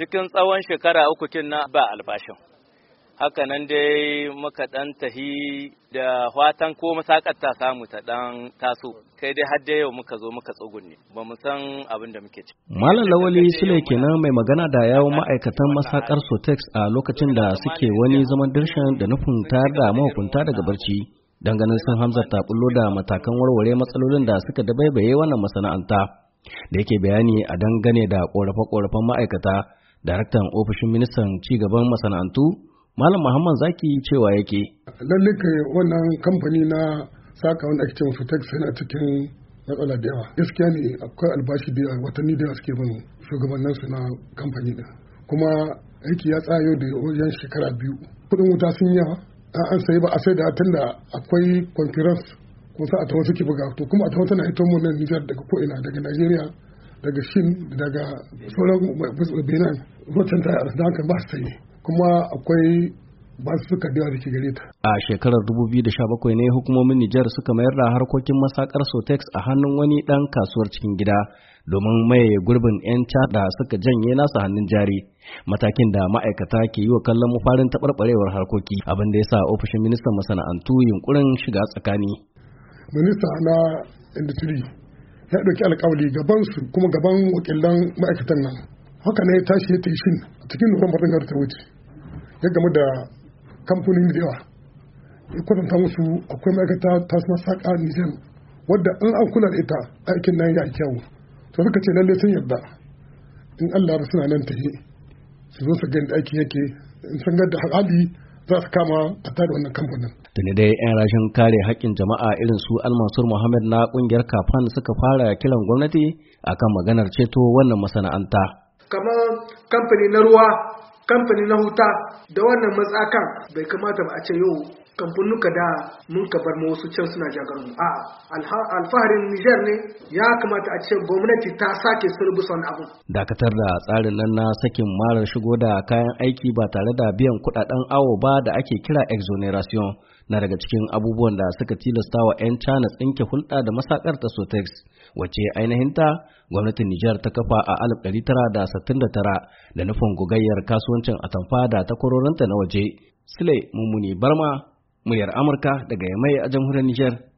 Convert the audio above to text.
cikin tsawon shekara uku kin na ba albashin haka nan dai muka ɗan tahi da watan ko masakar ta samu ta ɗan taso kai dai har da yau muka zo muka tsugunne ba mu san abin da muke ci. Malam Lawali Sule kenan mai magana da yawon ma'aikatan masakar Sotex a lokacin da suke wani zaman dirshan da nufin tayar da mahukunta daga barci. ganin sun Hamza ta bullo da matakan warware matsalolin da suka dabaibaye wannan masana'anta. da yake bayani a dangane da korafe-korafen ma'aikata daraktan ofishin ministan cigaban masana'antu malam muhammad zaki cewa yake lallika wannan kamfani na saka wanda ake cewa fitex yana cikin matsala da yawa gaskiya ne akwai albashi da watanni da suke bin shugabannin su na kamfani da kuma aiki ya tsayo da wajen shekara biyu kudin wuta sun yi yawa an sai ba a sai da tunda akwai conference kusa sa a tawo suke buga to kuma a tawo tana ita mu nan Nijar daga ko'ina daga Najeriya daga shin daga sauran benin rotan ta da haka ba su yi kuma akwai ba su suka da ke gare ta. A shekarar 2017 ne hukumomin Nijar suka mayar da harkokin masakar Sotex a hannun wani ɗan kasuwar cikin gida domin maye gurbin 'yan da suka janye nasa hannun jari. Matakin da ma'aikata ke yi wa kallon mafarin taɓarɓarewar harkoki abin da ya sa ofishin ministan masana'antu yunkurin shiga tsakani. Minista na industry ya ɗauki alkawali gaban su kuma gaban wakilan ma'aikatan nan haka ne tashi ya ta shin a cikin nuwambar ɗin ta wuce ya gamu da kamfanin da yawa ya kwatanta musu akwai ma'aikata ta suna saƙa nijar wadda an an kula da ita aikin nan ya kyau to suka ce lalle sun yarda in allah suna nan ta su zo su gani aiki yake in san ga da hali za su kama a tare wannan kamfanin. Tuni dai 'yan rashin kare haƙƙin jama'a irin su Almansur Muhammad na ƙungiyar Kafan suka fara kiran gwamnati akan maganar ceto wannan masana'anta. Kamar kamfani na ruwa Kamfanin na huta da wannan matsakan bai kamata ba a ce yau kamfanuka da mun ka bar wasu can suna jagar mu a alfaharin Niger ne ya kamata a ce gwamnati ta sake wani abu dakatar da tsarin nan na sakin marar shigo da kayan aiki ba tare da biyan kudaden awo ba da ake kira exoneration na daga cikin abubuwan da suka tilasta wa 'yan China tsinke hulɗa da masakar ta Sotex, wace ta? gwamnatin Nijar ta kafa a 1969 da nufin gugayyar kasuwancin atamfa da takwarorinta na waje. Sule Mummuni Barma, muryar Amurka daga Yamai a jamhuriyar Nijar.